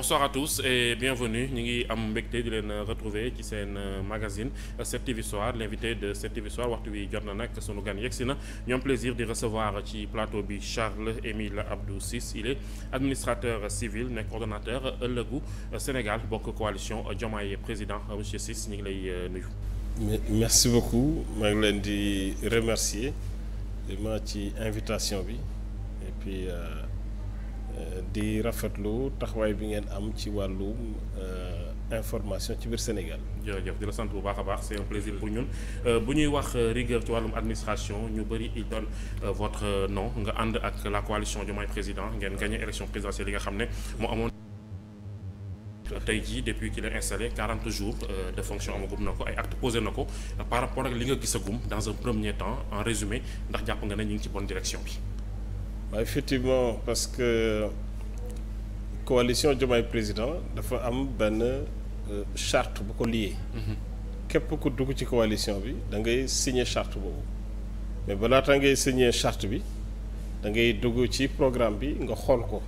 bonsoir à tous et ñu ngi am mbégte di leen retrouver ci seen euh, magasin 7TV euh, Soir l'invité de 7 waxtu wi jot na nag sunu gan yegsi na ñu am plaisir di recevoir ci plateau bi Charles Émile Abdou Ciss il est administrateur civil nekk coordonnateur ëllëgu euh, Sénégal bokk coalition Diomaye président monsieur Ciss ñu ngi lay nuyu. merci beaucoup maa ngi leen di remercier vraiment ci invitation bi et di rafetlu taxawaay bi ngeen am ci wàllu euh, information ci biir Sénégal. jërëjëf di la sant bu baax a baax c'est un plaisir pour ñun euh, bu ñuy wax euh, rigueur ci wàllum administration ñu bëri il donne votre nom nga ànd ak la coalition Diomaye président ngeen gagné élection présidentielle li nga xam ne moo amoon. tey jii depuis qu'il est installé 40 jours de fonction amagum na ko ay acte posé na ko par rapport ak li nga gisagum dans un premier temps en résumé ndax jàpp nga ne ci bonne direction bi. waaw effectivement parce que coalition Diomaye président dafa am benn euh, charte bu ko lié. Mhm. képp ku dugg ci coalition bi da ngay signer charte boobu mais balaata ngay signer charte bi da ngay dugg ci programme bi nga xool ko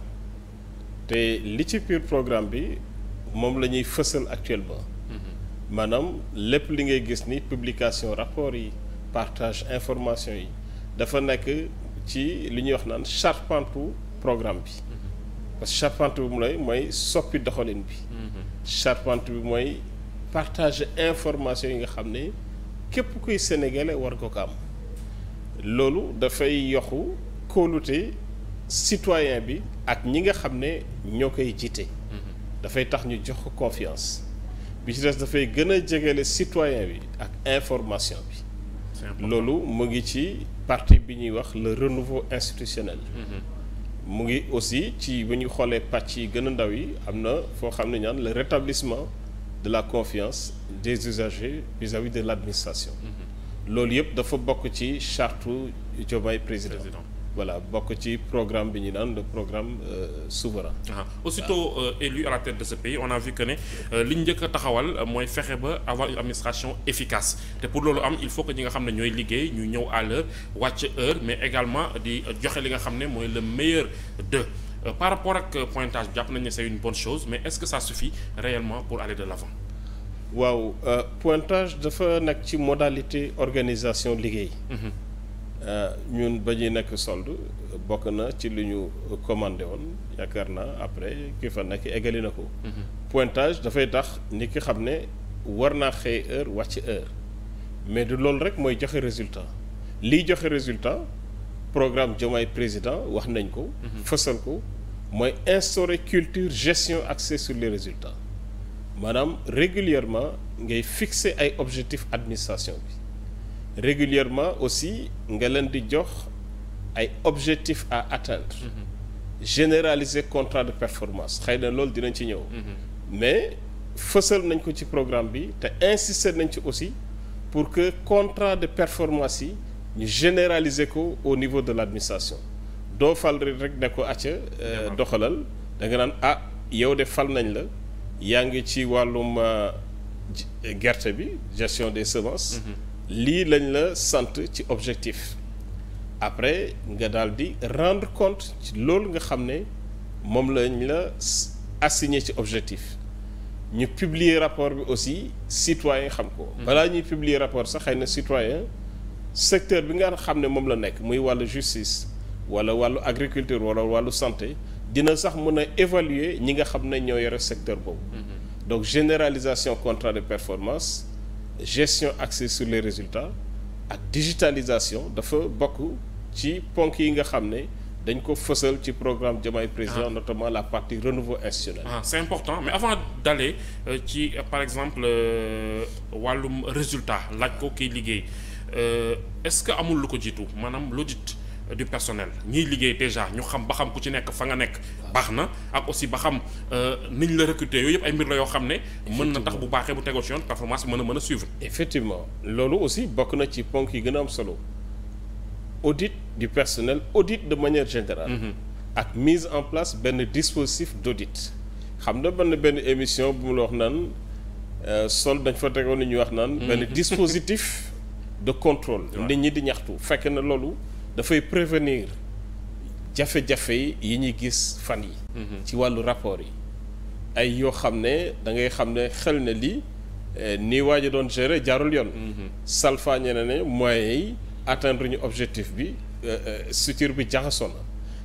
te li ci piir programme bi moom la ñuy fësal actuellement. Mhm. maanaam lépp li ngay gis ni publication rapport yi partage information yi dafa nekk. ci li ñuy wax naan charpentu programme bi parce que charpente bi mu lay mooy soppi doxalin bi mhm. charpente bi mooy partage information yi nga xam ne képp kuy sénégalais war ko ko am loolu dafay yoxu kóolute citoyen bi ak ñi nga xam ne ñoo koy jiite mhm. dafay tax ñu jox ko confiance bi ci des dafay gën a jegele citoyen bi ak information bi loolu mu ngi ci partie bi ñuy wax le renouveau institutionnel mm-hmm. mu ngi aussi ci bu ñuy xoolee pàcc yi gën a ndaw yi am na foo xam ne ñaan le rétablissement de la confiance des usagers vis-à-vis de l'administration mm-hmm. loolu yëpp dafa bokk ci charte Diomaye président voilà bokk ci programme bi ñu daan programme euh, souverain. Ah, aussitôt euh, élu à la tête de ce pays on a que ne euh, li ñu njëkk a taxawal mooy fexe ba avoir une administration efficace te pour loolu am il faut que ñi nga xam ne ñooy liggéey ñu ñëw à l'heure wàcc heure mais également di joxe li nga xam ne mooy le meilleur de euh, par rapport ak euh, pointage bi jàpp nañu ne une bonne chose mais est-ce que ça suffit réellement pour aller de l'avant waaw euh, pointage dafa nag ci modalité organisation liggéey. Mm-hmm. Euh, ñun ba ñuy nekk solde bokk na ci lu ñu commandé woon yaakaar naa après ki fa nekk eggali na ko. Mhm. pointage dafay tax ni ki xam ne war naa xëy heure wàcc heure mais du loolu rek mooy joxe résultat liy joxe résultat programme Diomaye président wax nañ ko. Mhm. fësal ko mooy instaurer culture gestion axée sur les résultats maanaam régulièrement ngay fixer ay objectifs administration bi. régulièrement aussi nga leen di jox ay objectifs à atteindre mm contrat de performance xëy na loolu dinañ ci ñëw mm-hmm. mais fësal nañ ko ci programme bi te insister nañ ci aussi pour que contrat de performance yi ñu généraliser ko au niveau de l'administration doo fal rek ne ko acca euh, doxalal da nga ah yow de fal nañ la yaa ngi ci wàllum euh, gerte bi gestion des semences mm-hmm. lii lañ la sant ci objectif après nga daal di rendre compte ci loolu nga xam ne moom lañ la assigné ci objectif ñu publier rapport bi aussi citoyen xam ko mm-hmm. balaa ñuy publier rapport sax xëy na citoyen secteur bi nga xam ne moom la nekk muy wàllu justice wala wàllu agriculture wala wàllu santé dina sax mun a évaluer ñi nga xam ne ñoo yore secteur boobu mm-hmm. donc généralisation contrat de performance gestion axée sur les résultats ak digitalisation dafa bokk ci ponk yi nga xam ne dañ ko fësal ci programme Diomaye Président ah. notamment la partie renouveau institutionnel ah c'est important mais avant d'aller euh, ci euh, par exemple euh, wàllum résultat laaj ko kiy liggéey est-ce que amul lu ko jiitu maanaam l'audit du personnel ñiy liggéey déjà ñu xam ba xam ku ci nekk fa nga nekk baax na ak aussi ba xam euh, niñ la recruter yooyu yëpp ay mbir la yoo xam ne mën na tax bu baaxee bu tegoo ci yoon performance mën a mën a suivre effectivement loolu aussi bokk na ci ponk yi gën a am solo audit du personnel audit de manière générale mhm. ak mise en place benn dispositif d'audit xam na benn benn émission bu mu la wax naan euh, sol dañ fa tegoon li ñuy wax naan benn mhm. dispositif de contrôle nit ñi di ñaxtu fekk na loolu dafay prévenir jafe-jafe yi ñuy gis fan yi mhm. ci wàllu rapport yi ay yoo xam ne da ngay xam ne xel ne lii eh, ni waaj a doon gérer jaarul yoon mhm. salfaañe na ne moyens yi ñu objectif bi eh, eh, structure bi jaxasoo na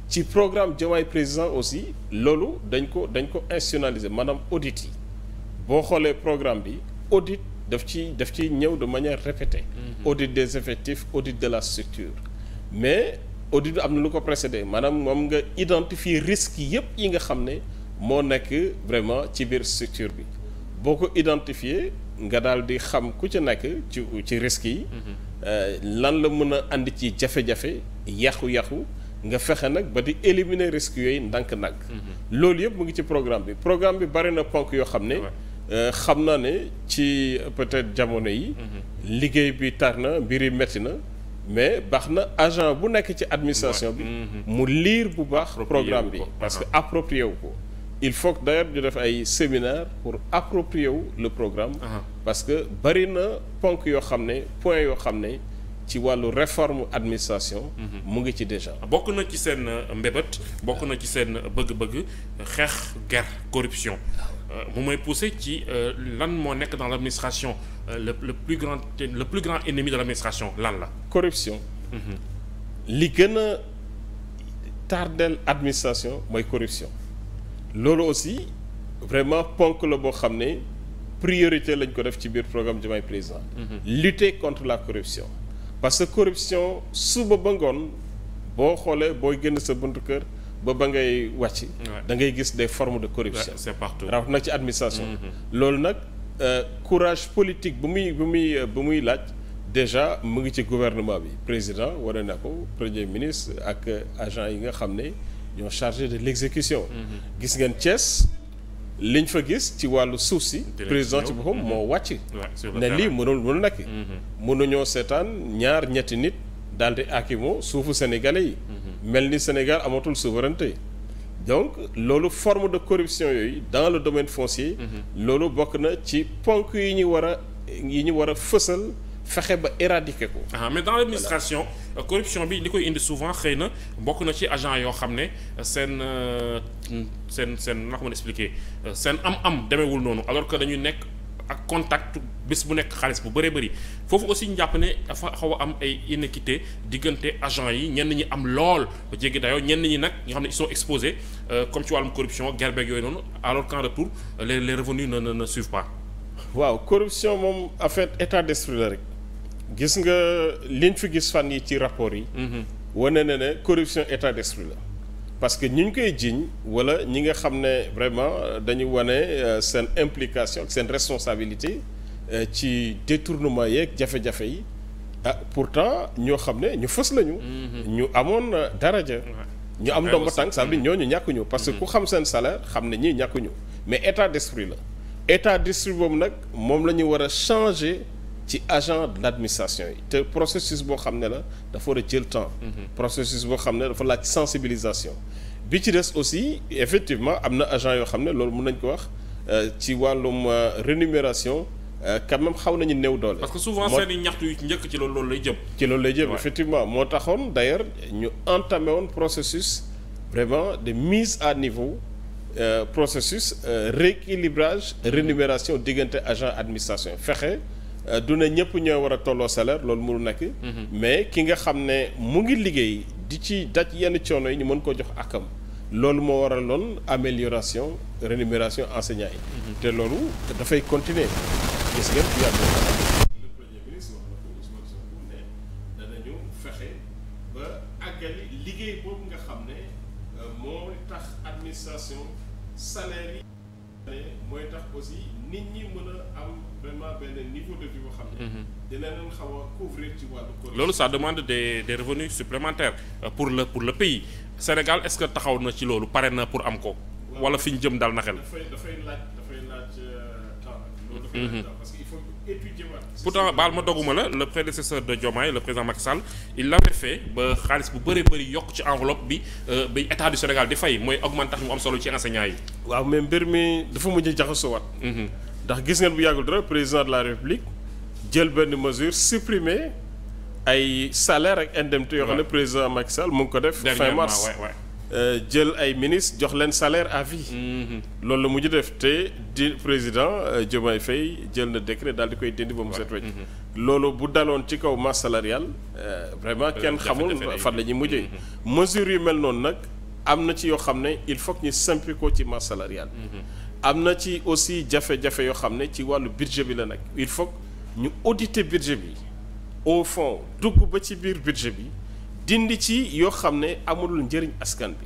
ci programme Diomaye président aussi loolu dañ ko dañ ko institutionnaliser maanaam audit yi boo xoolee programme bi audit def ci daf ci ñëw de manière répétée mhm. audit des effectifs audit de la structure mais audit bi am na lu ko précédé maanaam moom nga identifier risques yëpp yi nga xam ne moo nekk vraiment ci biir structure bi boo ko identifier nga daal di xam ku ca nekk ci ci risques yi. Mhm. Euh, lan la mën a ànd ci jafe-jafe yàqu-yàqu nga fexe nag ba di éliminer risques yooyu ndànk nag mhm. loolu yëpp mu ngi ci programme bi programme bi bari na ponk yoo xam ne. Euh, xam naa ne ci peut-être jamono yi. Mhm. liggéey bi tar na mbir yi metti na. mais baax na agent bu nekk ci administration bi mhm. mu liir bu baax programme bi parce que ah. approprié wu ko il faut que d'ailleurs ñu def ay séminaire pour approprier wu le programme ah. parce que bari na ponk yoo xam ne point yoo xam ne ci wàllu réforme administration mhm. mu ngi ci déjà ah, bokk na ci seen euh, mbébét bokk na ci seen euh, bëgg-bëgg xeex guerre corruption mu euh, may poussé ci euh, lan moo nekk dans l' administration euh, le le plus le plus grand ennemi l' administration lan la. corruption. Mm-hmm. li gën a tardel administration mooy corruption. loolu aussi vraiment ponk la boo xam ne priorité lañ ko def ci biir programme Diomaye Président. Mm-hmm. lutter contre la corruption. parce que corruption suba ba ngoon boo xoolee booy génn sa buntu kër. ba ba ngay wàcc. da ngay gis des forme de corruption. c'est partout rawat na ci administration. Mm-hmm. loolu nag euh, courage politique bu muy bu muy euh, bu muy laaj déjà mu ngi ci gouvernement bi président wane na ko premier ministre ak euh, agent yi nga xam ne ñoo chargé de l'exécution. Mm-hmm. gis ngeen Thiès. liñ fa gis ci wàllu suuf si président ci boppam mm-hmm. moo wàcc ne lii mënul mënul nekk mënuñoo seetaan ñaar ñetti nit daal di akimoo suufu sénégalais yi mel ni Sénégal amatul souveraineté donc loolu forme de corruption yooyu dans le domaine foncier mhm. loolu bokk na ci ponk yi ñu war a yi ñu war a fësal fexe ba éradiquer ko ah mais dans l'administration euh, corruption bi li koy indi souvent xëy na bokk na ci agent yoo xam ne euh, euh, seen seen seen na ko mën expliquer seen am am demeewul noonu alors que dañuy nekk ak contact bés bu nekk xaalis bu bëree bëri foofu aussi ñu jàpp ne dafa xaw am ay inéquité diggante agent yi ñenn ñi am lool ba jéggi dayoo ñenn ñi nag nga xam ne ils sont exposés euh, comme ci wàllum corruption gerbeeg yooyu noonu alors qu'en retour les les revenus ne ne suivent pas. waaw corruption moom en état d'esprit la rek gis nga liñ fi gis fan yi ci rapport yi. Mhm. wane na ne corruption état d'esprit la. parce que ñu ñu koy jiiñ wala ñi nga xam ne vraiment dañu wane euh, seen implication ak responsabilité. Euh, ci détournement yeeg jafe-jafe yi ah pourtant ñoo xam ne ñu fës lañu. Mm-hmm. ñu amoon euh, daraja. ñu am ndomba tànk ça veut mm-hmm. ñooñu ñàkkuñu. parce que ku mm-hmm. xam seen salaire xam ne ñii ñàkkuñu mais état d'esprit la état d'esprit boobu nag moom la ñu war a changer. ci agent de l'administration yi te processus boo xam ne la dafa war a jël temps processus boo xam ne dafa laaj sensibilisation bi ci des aussi effectivement am na agent yoo xam ne loolu mun nañ ko wax euh, ci wàllum rémunération Euh, quand même xaw nañu new doole. parce que souvent seen i ñaxtu yu ci njëkk ci loolu loolu lay jëm. ci loolu lay jëm effectivement moo taxoon d' ailleurs ñu entamé woon processus vraiment de mise à niveau euh, processus euh, rééquilibrage rémunération diggante agent administration fexe euh, du ne ñëpp ñoo war a tolloo salaire loolu mënu nekk. Mhm. mais ki nga xam ne mu ngi liggéey di ci daj yenn coono yi ñu mën ko jox akam. loolu moo waraloon amélioration rémunération enseignants yi. Mhm. te loolu dafay continuer. gis ngeen fexe ba boobu nga xam ne euh, moo tax administration aussi nit ñi mën am vraiment benn boo xam ne. Mhm. xaw a ko loolu ça demande des des revenus euh, pour le pour le pays Sénégal est que taxaw na ci loolu pare na pour am ko. wala fi jëm daal na xel. Mm-hmm. parce qu'il faut étudier pourtant baal ma doguma la le prédécesseur de Diomaye le président Macky Sall il l'avait fait ba xaalis bu bëree bari yokk ci enveloppe bi euh, bi état du Sénégal di fay mooy augmente tax mu am solo ci enseignants yi. waaw mais mbir mi dafa mujj jaxasoo waat. Mm-hmm. ndax gis ngeen bu yàggul dara président de la République jël benn mesure supprimer ay salaire ak indemnité yoo xam ne président Macky mu ngi ko def. fin mars Euh, jël ay ministres jox leen salaire à vie. Mhm. loolu la mujj def te di président euh, Diomaye Faye jël na décret daal di koy dindi ba mu set wecc mhm. loolu bu daloon ci kaw masse salariale euh, vraiment kenn xamul fan la ñuy mujjee. Mhm. mesures yu mel noonu nag am na ci yoo xam ne il faut ñu simpi ko ci masse salariale. am na ci aussi jafe-jafe yoo xam ne ci wàllu budget bi la nag il faut ñu auditer budget bi au fond dugg ba ci biir budget bi. dindi ci yoo xam ne amul njëriñ askan bi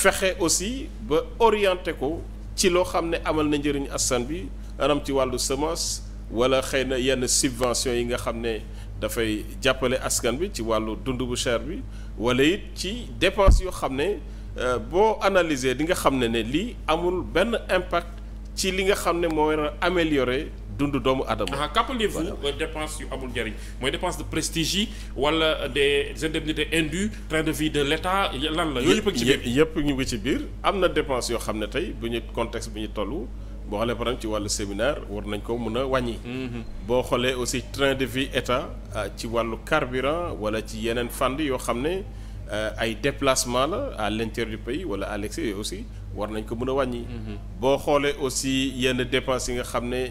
fexe aussi ba orienté ko ci loo xam ne amal na njëriñ askan bi anam ci wàllu semence wala xëy na yenn subvention yi nga xam ne dafay jàppale askan bi ci wàllu dund bu cher bi wala it ci dépense yoo xam ne euh, boo analyser di nga xam ne ne lii amul benn impact ci li nga xam ne moo war a améliorer dund doomu adama qu'appelez-vous dépense yu amul njëriñ mooy dépense de prestige yi wala des indemnités indues train de vie de l'État lan la yooyu yëpp a ngi ci biir yëpp ñu ngi ci biir am na dépense yoo xam ne tey bu ñu contexte bu ñu toll boo xoolee par ci wàllu séminaire war nañ ko mën a wàññi mhm. boo xoolee aussi train de vie état ah, ci wàllu carburant wala ci yeneen fànn yoo xam ne ah, ay déplacement la à l'intérieur du pays wala à l'extérieur aussi war nañ ko mën a wàññi mhm. boo xoolee aussi yenn dépenses yi nga xam ne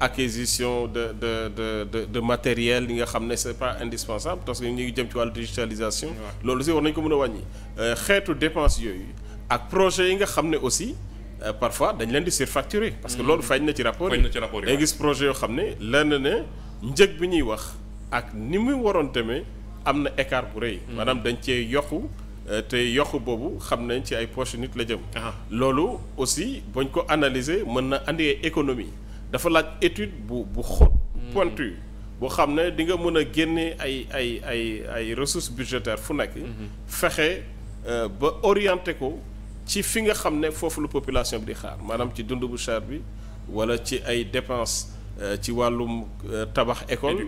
acquisition de de de de de matériel yi nga xam ne c'est pas indispensable ñu ngi jëm ci wàllu digitalisation. loolu aussi war ko mën a wàññi. Euh, xeetu dépense yooyu ak projet yi nga xam ne aussi euh, parfois dañ leen di surfacturer. parce que mm-hmm. loolu feeñ na ci rapport yi day gis projet yoo xam ne lenn ne njëg bi ñuy wax ak ni muy waroon demee am na écart bu rëy. Mm-hmm. maanaam dañ cee yokku. Euh, te yokk boobu xam nañ ci ay poche nit la jëm. loolu aussi bañ ko analyser mën na andi économie. dafa laaj étude bu bu xóot hmm. pointu boo xam ne di nga mën a génne ay ay ay ay ressources budgétaires fu nekk hmm. fexe euh, ba orienté ko ci fi nga xam ne foofu lu population bi di xaar maanaam ci dund bu cher bi wala ci ay dépenses euh, ci wàllum euh, tabax école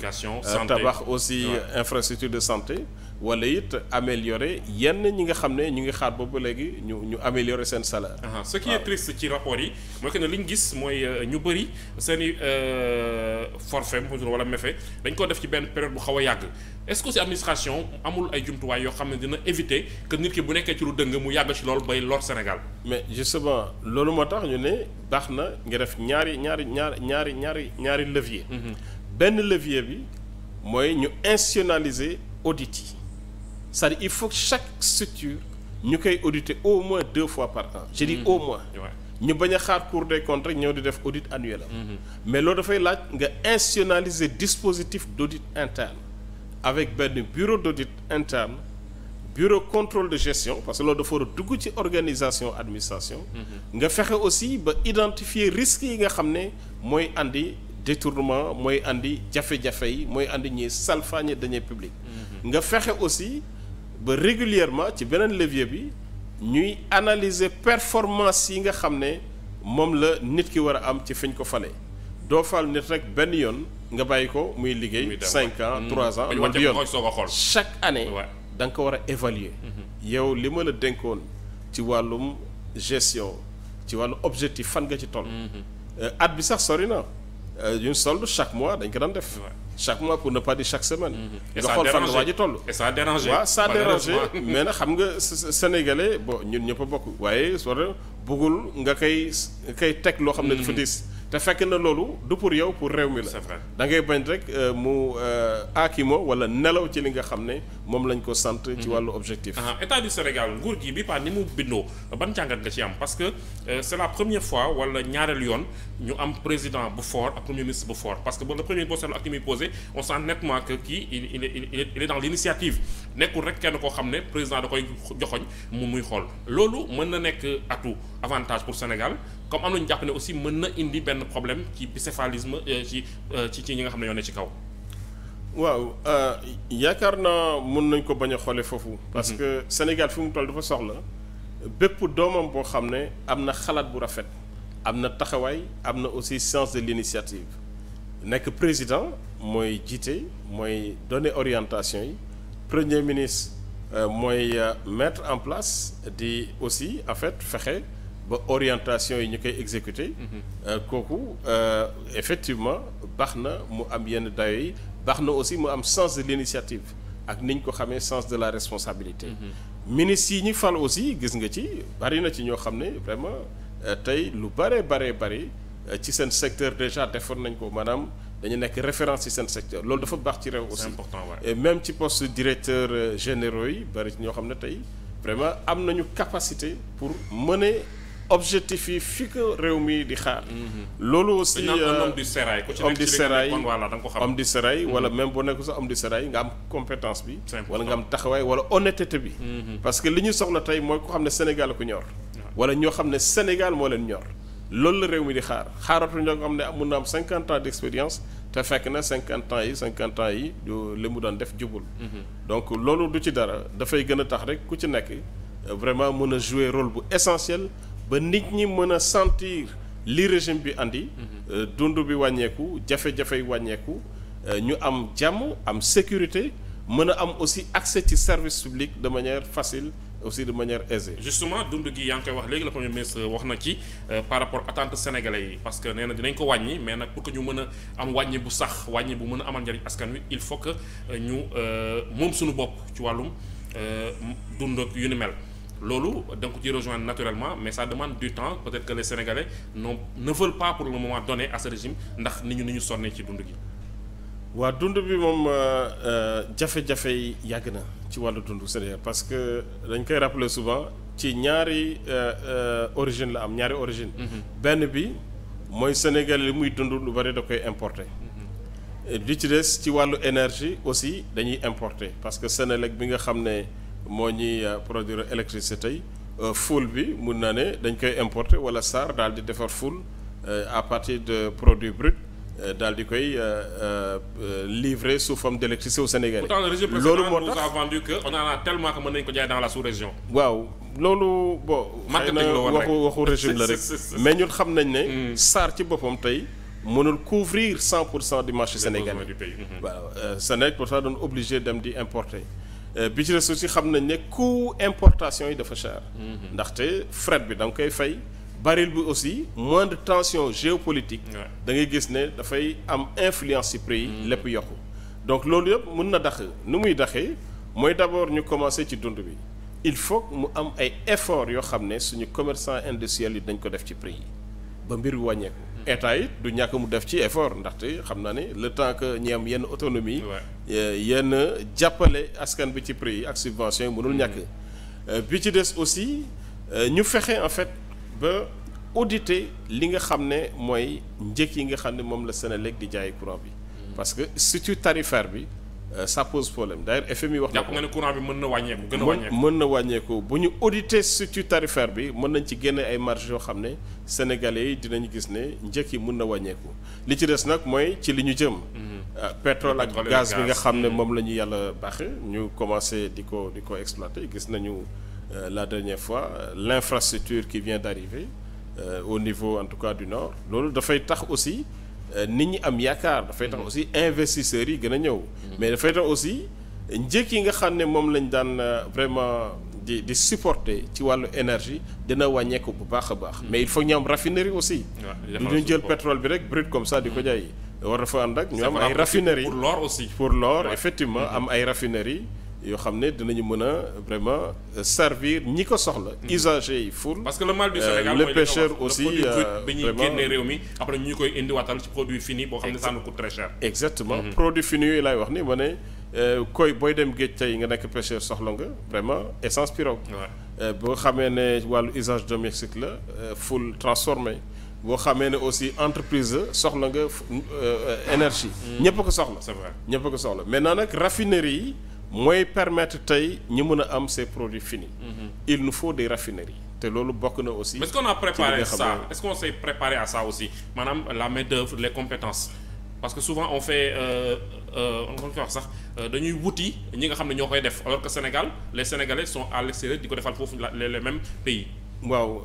tabax aussi infrastructure de santé wala it ameliore yenn ñi nga xam ne ñu ngi xaar boobu léegi ñu ñu améliorer seen salaire. ce qui est triste ci rapport yi mooy que ne li ñu gis mooy euh, ñu bëri seen i euh, forfait wala méfait dañ ko def ci benn période bu xaw a yàgg est-ce que ci administration amul ay jumtuwaay yoo xam ne dina éviter que nit ki bu nekkee ci lu dëng mu yàgg ci lool bay lor Sénégal. mais justement loolu moo tax ñu ne baax na ngi def ñaari ñaari ñaari ñaari ñaari ñaari levier. Mhm. benn levier bi mooy ñu institutionnaliser audit cest il faut chaque structure ñu koy auditer au moins deux fois par an je dis mm-hmm. au moins ñu baña xaar cour des contre rek ñëw di def audit annuel am mm-hmm. mais loo dafay laaj nga institutionnaliser dispositif d'audit interne avec benn bureau d'audit interne bureau contrôle de gestion parce que loolu dafa war a dugg ci organisation administration mm-hmm. nga fexe aussi ba identifier risques yi nga xam ne mooy andi détournement mooy andi jafe-jafe yi mooy andi ñuy salfaañe deniers publics nga fexe aussi ba régulièrement ci beneen levier bi ñuy analyser performance yi nga xam ne moom la nit ki war a am ci fiñ ko falee doo fal nit rek benn yoon nga bàyyi ko muy liggéey cinq ans mm. trois ans wala yoon chaque année da nga ko war a évaluer mm-hmm. yow li ma la dénkoon ci wàllum gestion ci wàllu objectif fan nga ci toll mm-hmm. euh, at bi sax sori na ñun euh, solde chaque mois dañ ko daan def. chaque mois pour ne pas dire chaque semaine. Mm-hmm. nga xool fan la waa ji toll. et ça a dérangé waaw ça a xam nga sénégalais bon ñun ñëpp a bokk waaye bëggul nga koy koy teg loo xam ne fa mm. diis te fekk na loolu du pour yow pour réew mi la da ngay bañ rek euh, mu euh, aakimo wala nelaw ci li nga xam ne moom lañ ko sant ci mm-hmm. wàllu objectif ah, ah. état du Sénégal nguur gi bi pas ni mu bindoo ban jàngat nga ci am parce que euh, c'est la première fois wala ñaareel yoon ñu am président bu fort ak premier ministre bu fort parce que bon le premier poste ak ki muy posé il il dans l'initiative nekkul rek kenn koo xam ne président da koy joxoñ mu muy xool loolu mën na nekk atout avantage pour Sénégal comme am nañu jàpp ne aussi mën na indi benn problème ci bicéphalisme euh, ci euh, ci ci ñi nga xam ne ñoo ne ci kaw. waaw euh, yaakaar naa mun nañ ko bañ a xoolee foofu. Mhm. parce que Sénégal fi mu toll dafa soxla bépp doomam boo xam ne am na xalaat bu rafet am na taxawaay am na aussi sens de l'initiative nekk président mooy jiite mooy donner orientation yi premier ministre. mooy euh, mettre en place di aussi en fait fexe ba orientation yi ñu koy exécuter. Euh, kooku euh, effectivement baax na mu am yenn dayo yi baax na aussi mu am sens de l'initiative ak ni ñu ko xamee sens de la responsabilité. Mm-hmm. ministres yi ñu fal aussi gis nga ci bari na ci ñoo xam ne vraiment euh, tey lu bare bare bari ci seen secteur déjà defoon nañ ko maanaam dañu nekk référence ci seen secteur loolu dafa baax ci réew aussi. c'est et même ci poste directeur généraux yi bari ñoo xam ne tey vraiment am nañu capacité pour mener. objectif yi fi ko réew mi di xaar. loolu aussi euh, homme du sérail ku ci nekk ci voilà da nga ko xam homme du sérail wala mhm. boo nekk sax homme di sérail nga am compétence bi. wala nga am taxawaay wala honnêteté bi. Mhm. parce que li ñu soxla tey mooy ko xam ne Sénégal ko ñor. wala ñoo xam ne Sénégal moo leen ñor. loolu la réew mi di xaar xaaratuñu ñoo xam ne mun na am cinquante ans d' expérience te fekk na cinquante ans yi cinquante ans yi li mu doon def jubul. Mhm. donc loolu du ci dara dafay gën a tax rek ku ci nekk vraiment mën a jouer rôle bu essentiel. ba nit ñi mën a sentir li régime bi andi. Mhm. Euh, dund bi wàññeeku jafe-jafe wàññeeku euh, ñu am jàmm am sécurité mën a am aussi accès ci service public de manière facile aussi de manière aisée. justement dund gi yaa ngi koy wax léegi la premier ministre wax na ci euh, par rapport attente sénégalais yi parce que nee na dinañ ko wàññi mais nag pour que ñu mën a am wàññee bu sax wàññee bu mën a amal njariñ askan wi il faut que ñu moom suñu bopp ci wàllum dund ak yu ni mel. loolu da nga ko ciy rejoindre naturellement mais ça demande du temps peut-être que les Sénégalais non ne veulent pas pour le moment donner à régime ndax ni ñu ni ñu sonnee ci dund gi. waa dund bi moom euh, euh, jafe-jafe yi yàgg na ci wàllu dund cest parce que dañ koy rappeler souvent ci ñaari euh, origine la am ñaari origine mm-hmm. benn bi mooy Sénégal li muy dund lu bari da koy importer. Mm-hmm. li ci des ci wàllu énergie aussi dañuy importer parce que Sénélec bi nga xam ne. moo ñi euh, produire électricité tey euh, fuel bi mun naa ne dañ koy importer wala SAR daal di defar fuel euh, à partir de produit bruts daal di koy livrer sous forme d' électricité au Sénégal. loolu moo tax pourtant le régime a tellement que mën ko jaay la sous-région. waaw loolu bon. marketing la woon rek mais ñun xam nañ ne. Hmm. SAR ci boppam tey. mënul couvrir cent pour cent du marché sénégalais. du pays waaw obligé dem di importer. bi ci yi xam nañ ne coût importation yi dafa cher. Mhm. ndaxte fret bi da koy fay. baril bi aussi moins de tension géopolitique. da ngay gis ne dafay am influence ci prix yi. Mhm. lépp yokku donc loolu yëpp mën na dax nu muy daxee mooy d'abord ñu commencer ci dund bi il faut mu am ay efforts yoo xam ne suñu commerçant industriel yi dañ ko def ci prix yi ba mbir wàññeeku. Mmh. état it du ñàkk mu def ci effort ndaxte xam naa ne le temps que ñi am yenn autonomie euh, yenn jàppale askan bi ci prix yi ak subvention yi mënul mmh. ñàkk euh, bi ci des aussi euh, ñu fexe en fait ba auditer li nga xam ne mooy njëkk yi nga xam ne moom la Senelec di jaay courant bi mmh. parce que statut tarifaire bi Euh, ça pose problème d'ailleurs FMI wax na ko jàpp nga ne courant bi mën na wàññeeku gën a wàññeeku na wàññeeku bu ñu auditer structure tarifaire bi mën nañ ci génne ay marge yoo xam ne sénégalais yi dinañu gis ne njëkk yi mën na wàññeeku li ci des nag mooy ci li ñu jëm mm-hmm. euh, pétrole ak gaz bi nga xam ne mm-hmm. moom la ñu yàlla baaxe ñu commencé di ko di ko exploiter gis nañu euh, la dernière fois l'infrastructure qui vient d'arriver euh, au niveau en tout cas du nord loolu dafay tax aussi Euh, nit ñi am yaakaar dafay tax mm-hmm. aussi investisseurs yi gën a ñëw mm-hmm. mais dafay tax aussi njëkk yi nga xam ne moom lañ daan euh, vraiment di di supporter ci wàllu énergie dina wàññeeku bu baax a baax mm-hmm. mais il faut ñu am raffinerie aussi du ñu jël pétrole bi rek brut comme ça di ko jaay war dafa ànd ak ñu am ay raffinerie pour l'or aussi pour l'or effectivement am ay raffinerie yoo xam ne dinañu mën a vraiment euh, servir ñi ko soxla. Mm-hmm. usager yi ful. parce que la mal du euh, Sénégal mooy le pêcheur aussi vraiment euh, bi ñuy génnee réew mi après ñu koy indiwaatal ci produit fini boo xam ne ça nous coûte très cher. exactement mm-hmm. produit fini yooyu wax ni ma ne koy booy dem géej tey nga nekk pêcheur soxla nga vraiment essence pirogue. boo xamee ne wàllu usage domestique la ful transformé boo xamee ne aussi entreprise soxla nga énergie. Mm. ñëpp a ko soxla. c'est vrai ñëpp a ko soxla maintenant nag raffinerie yi. mooy permettre tey ñu mën a am ces produit finis. Mm-hmm. il nous faut des raffineries. te loolu bokk na aussi. mais est-ce qu'on a préparé ça est aussi maanaam la main-d'œuvre les compétences parce que souvent on fait euh, euh, on ko wax sax euh, dañuy wuti ñi nga xam ne ñoo koy def alors que Sénégal les Sénégalais son à l'extérieur di ko defal foofu les mêmes pays. waaw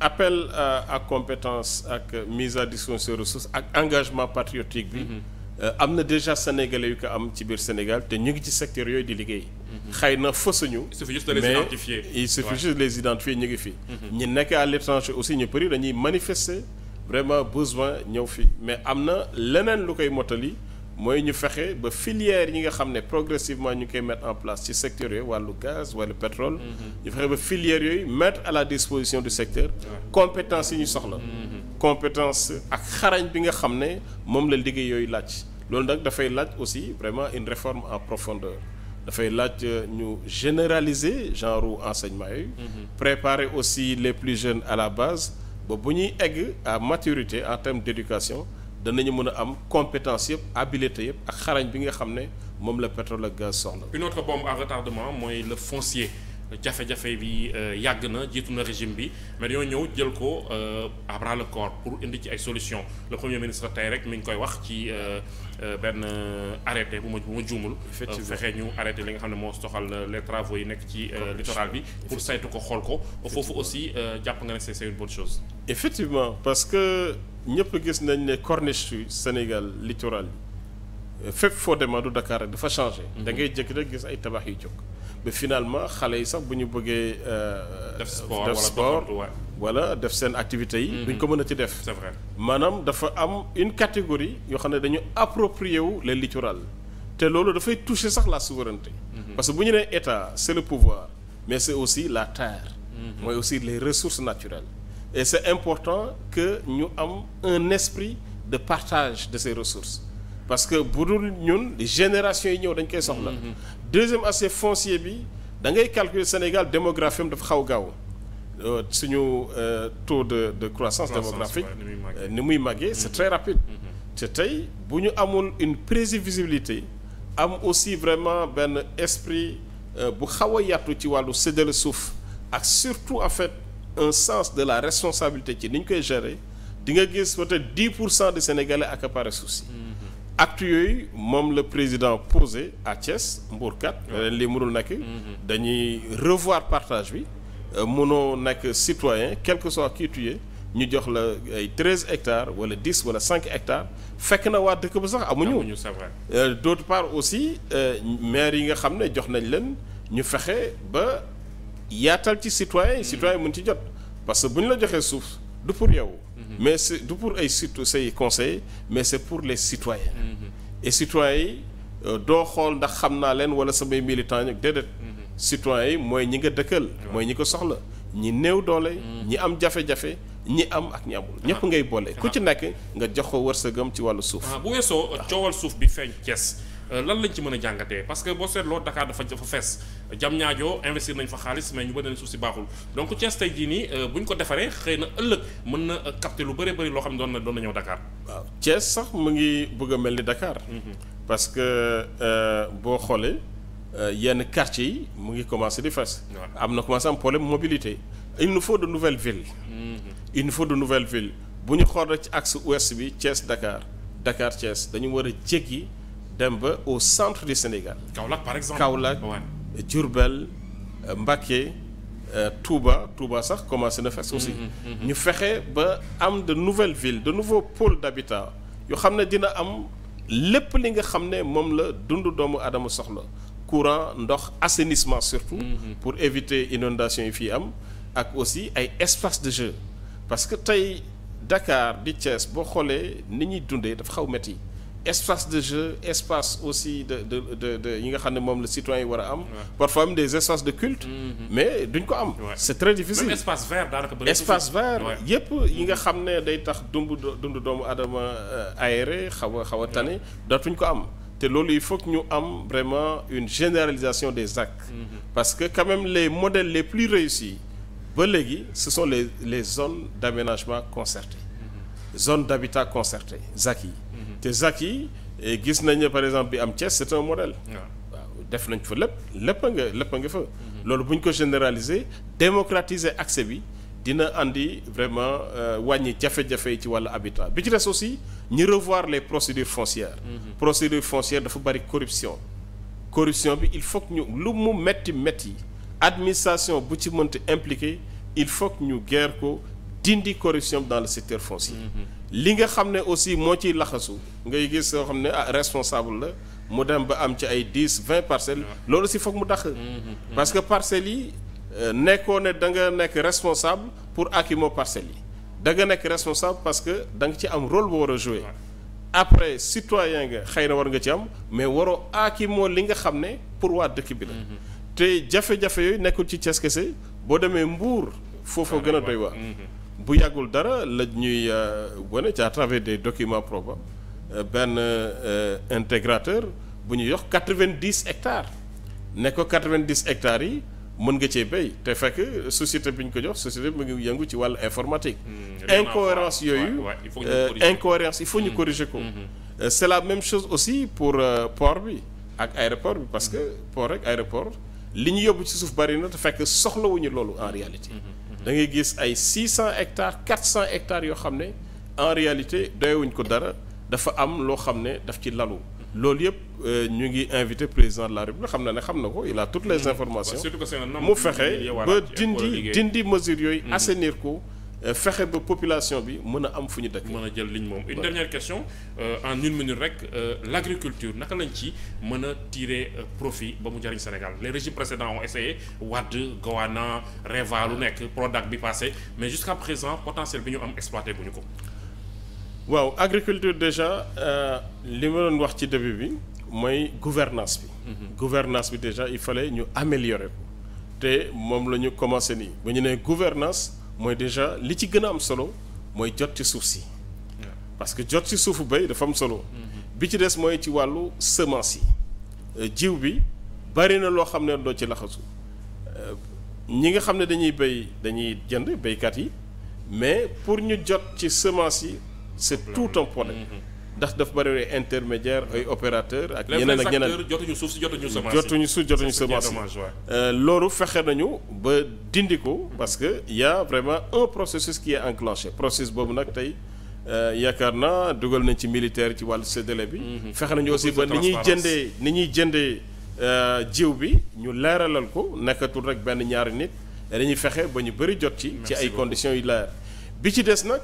appel à compétence ak mise à disposition des ak engagement patriotique bi. Mm-hmm. Euh, am na déjà sénégalais yu ko am ci biir Sénégal te ñu ngi ci secteur yooyu di liggéey. Mhm. xëy na fësuñu. il suffit juste de les identifier mais il suffit juste les identifier ñu ngi fi. Mhm. ñu nekk à l'étranger aussi ñu bëri dañuy manifester vraiment besoin ñëw fi mais am na leneen lu koy mottali. mooy ñu fexe ba filière yi nga xam ne progressivement ñu koy mettre en place ci secteur yooyu wàllu gaz wàllu pétrole. Mm-hmm. ñu fexe ba filière yooyu mettre à la disposition du secteur. compétence yu ñu soxla. Mm-hmm. compétence ak xarañ bi nga xam ne moom la liggéey yooyu laaj. loolu nag dafay laaj aussi vraiment une réforme en profondeur dafay laaj euh, ñu généraliser genre enseignement yooyu. Mm-hmm. préparer aussi les plus jeunes à la base ba bu ñuy egg à maturité en termes d'éducation. danañu mën a am compétence yëpp habilité yëpp ak xarañ bi nga xam ne moom la pétrole ak gaz soxla. une autre bombe à retardement mooy le foncier. jafe-jafe bi euh, yàgg na jiitu na régime bi mais dañoo ñëw jël ko euh, à bras le pour indi ci ay solution le premier ministre tey rek mi ngi koy wax ci euh, benn arrêté bu ma bu ma juumul fexe ñu arrêté li nga xam ne moo soxal les travaux yi nekk ci littoral bi pour saytu ko xool ko foofu aussi jàpp nga ne c'est une bonne chose effectivement parce que ñëpp gis nañ ne corniche Sénégal littoral bi fépp foo demee du Dakar rek dafa changé mhm. da ngay jékki rek gis ay tabax yu jóg finalement xale yi sax bu ñu bëggee. Euh, def euh, sport def sport wala def seen activités yi. Mhm. duñ ko mën a ci def. c'est maanaam dafa am une catégorie yoo xam ne dañu approprier wu les littorales te loolu dafay toucher sax la souveraineté. Mhm. parce que bu ñu nee état c'est le pouvoir mais c'est aussi la terre. Mhm. mooy aussi les ressources naturelles. et c'est important que ñu am un esprit de partage de ces ressources parce que bu dul ñun génération yi ñëw dañ koy soxla. deuxième aspect foncier bi da ngay calculer Sénégal démographie am dafa xaw gaaw euh, suñu euh, taux de de croissance démographique ni muy magge euh, c'est très rapide mm-hmm. te tey bu ñu amul une prévisibilité am aussi vraiment benn esprit bu xaw a yàttu ci wàllu séddale suuf ak surtout en fait un sens de la responsabilité ci ni ñu koy gérer di nga gis peut-être dix pour cent des Sénégalais accaparé suuf si mm-hmm. acte yooyu moom la président posé à Thiès Mbourkat leen lii mënul nekk mhm. dañuy revoir partage bi euh, mënoo nekk citoyen quelque que soit qui tu ñu jox la ay treize hectares wala dix wala cinq hectares fekk na waa dëkk ba sax amuñu c'est vrai euh, d'autre part aussi euh, maire yi nga xam ne jox nañ leen ñu fexe ba yaatal ci citoyen yi mhm. citoyen mën ci jot parce que bu ñu la joxee suuf du pour yow Mm-hmm. mais c'est du pour ay surtout say conseils mais c'est pour les citoyens mm-hmm. et citoyens yi euh, doo xool ndax xam naa leen wala samay militants ñag déedéet mm-hmm. citoyens yi mooy ñi nga dëkkal mooy ñi ko soxla ñi néew doole ñi am jafe-jafe ñi am ak ñi amul ñëpp ah. ngay boole ku ci ah. nekk nga jox ko war wërsëgam ci wàllu suuf ah, bu weesoo coowal suuf bi feeñ Cees Euh, lan lañ ci mën a jàngatee parce que boo seetloo Dakar dafa dafa fees jam ñaajoo investir nañ fa xaalis mais ñu bëri na suuf si baaxul donc Thiès tey jii nii euh, bu ñu ko defaree xëy na ëllëg mën na euh, capter lu bare bëri loo xam ne doon na doon na ñëw waaw Thiès sax mu ngi bëgg a mel ni dakaar mm-hmm. parce que boo xoolee yenn quartier yi mu ngi commencé di fees. am na commencé am problème mobilité. il de nouvelles villes. Mm-hmm. il faut de nouvelles villes bu ñu xool rek ci axe ouest bi Thiès Dakar Dakar Thiès dañu war a jéggi. dem ba au centre du Sénégal. Kaolack par exemple Kaolack. Diourbel euh, Mbacké euh, Touba Touba sax commencé na fees aussi. Mhm, mhm, mhm. ñu fexe ba am de nouvelles ville de nouveaux pôles d'habitat yoo xam ne dina am lépp li nga xam ne moom la dund doomu aadama soxla courant ndox assainissement surtout. pour éviter inondation yi fii am. ak aussi ay espace de jeu parce que tey Dakar di Thiès boo xoolee ni ñuy dundee dafa xaw metti espace de jeu espace aussi de de de de yi nga xam ne moom la citoyen yi war a am. parfois même des espaces de culte. Mm-hmm. mais duñ ko am. c'est très difficile même espace vert daanaka bëri espace vert yépp yi nga xam ne day tax dund dund doomu aadama euh, aéré xaw a xaw a tane dootuñ ko am. te loolu il faut ñu am vraiment une généralisation des actes. Mm-hmm. parce que quand les modèles les plus réussis ba léegi ce sont les les zones d'aménagement concertées. Mm-hmm. zones d'habitat concertées ZAC yi. te ZAC yi eh, gis nañ ne par exemple bi am Thiès c'est un modèle. waaw def nañ fa lépp lépp nga lépp nga fa. Mhm. loolu buñ ko généraliser démocratiser accès bi dina indi vraiment euh, wàññi jafe-jafe yi ci wàllu habitat bi ci des aussi ñu revoir les procédures foncières. Mhm. procédures foncières dafa bari corruption. corruption bi il faut ñu lu mu metti metti administration bu ci mënt impliqué il faut ñu guère ko. dindi corruption dans le secteur foncier. li nga xam ne aussi moo ciy laxasu ngay gis soo xam ne ah responsable la mu dem ba am ci ay dix vingt parcelle loolu si foog mu dax mm-hmm. parce que parcelles yi euh, nekkoo ne da nga nekk responsable pour akimoo parcelles yi danga nekk responsable parce que danga ci am role bu war a jouer après citoyen nga xëy na war nga ci am mais waroo akimoo li nga xam ne pour waa dëkk bi la. Mm-hmm. te jafe-jafe yooyu nekkul ci Thiès kese boo demee Mbour. foofa gën a doy waar. Mm-hmm. bu yàggul dara la ñuy euh, wane ci à travers des documents probants euh, benn euh, intégrateur bu ñu yox quatre-vingt-dix hectares ne ko quatre-vingt-dix hectares yi mën nga cee béy te fekk société bi ñu ko jox société bi mu ngi yëngu ci wàllu informatique hmm, incohérence yooyu incohérence il faut ñu hmm, corriger ko hmm, c'est la même chose aussi pour port bi ak aéroport bi parce que port rek aéroport li ñu yóbbu ci suuf bari na te fekk soxlawuñu loolu en réalité da ngay gis ay six cent hectares quatre cent hectares yoo xam ne en réalité doyewuñ ko dara dafa am loo xam ne daf ci lalu loolu yëpp euh, ñu ngi invité président de la République xam na ne xam na ko il a toutes les hmm. informations mu fexe ba dindi dindi mesures yooyu hmm. assainir ko Euh, fexe ba population bi mën a am fu ñu dëkk. mën a jël liñ moom une dernière question euh, en une minute rek euh, agriculture naka lañ ci mën a tirer euh, profit ba mu jëriñ Sénégal les régimes précédents ont essayé Wade Gowana Reva lu nekk Prodac bi passé mais jusqu' à présent potentiel bi ñu am exploité bu ñu ko. waaw agriculture déjà li ma doon wax ci début bi mooy gouvernance bi. Mhm. gouvernance bi déjà il fallait ñu améliorer te moom la ñu commencé nii ba ñu nee gouvernance mooy déjà li ci gën a am solo mooy jot ci suuf si parce que jot ci suufu bay dafa am solo mm-hmm. bi ci des mooy ci wàllu semence yi euh, jiw bi bari na loo xam ne doo ci laxasu euh, ñi nga xam ne dañuy bay dañuy jënd béykat yi mais pour ñu jot ci semence yi c'est tout un problème mm-hmm. ndax daf bëri intermédiaire ay opérateur ak yeneen ak yeneen jotuñu suuf si jotuñu semence jotuñu suuf jotuñu semence euh, loolu fexe nañu ba dindi ko parce que y a vraiment un processus qui est enclenché boobu nag tey euh, yaakaar naa dugal nañ ci militaire ci wàllu séddale bi mhm. fexe nañu aussi ba ni ñuy jëndee ni ñuy jëndee euh, jiw bi ñu leeralal ko nekkatul rek benn ñaari nit dañuy fexe ba ñu bëri jot ci ci ay conditions yu leer bi ci des nag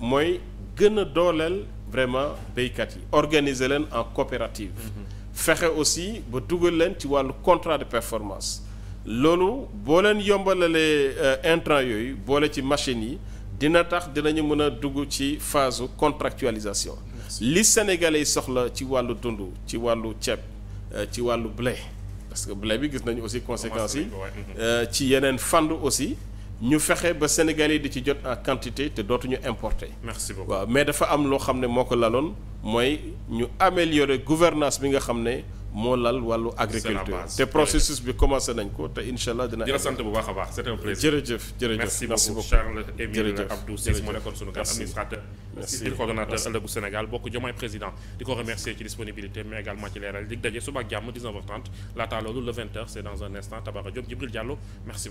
mooy gën a dooleel vraiment béykat yi organiser leen en coopérative. Mhm. fexe aussi ba dugal leen ci wàllu contrat de performance. loolu boo leen yombalalee euh, intrant yooyu boole ci machines yi dina tax dinañu mën a dugg ci phase contractualisation. li Sénégalais yi soxla ci wàllu dund ci wàllu ceeb euh, ci wàllu blé. parce que blé bi gis nañu aussi conséquence yi. Euh, ci yeneen fànn aussi. ñu fexe ba sénégalais di ci jot en quantité te dootuñu importer. merci beaucoup waaw mais dafa am loo xam ne moo ko laloon mooy ñu améliorer gouvernance bi nga xam ne moo lal wàllu agriculture te processus bi commencé nañ ko te incha allah dina. jërëjëf sant bu baax a baax c'était un plaisir jërëjëf jërëjëf merci beaucoup Charles Émile Abdou Ciss moo nekkoon président di ko remercier ci disponibilité mais également ci leeral dig daje suba jàmm 19h30 laataa loolu c'est dans un instant Tabara Diop Djibril Diallo merci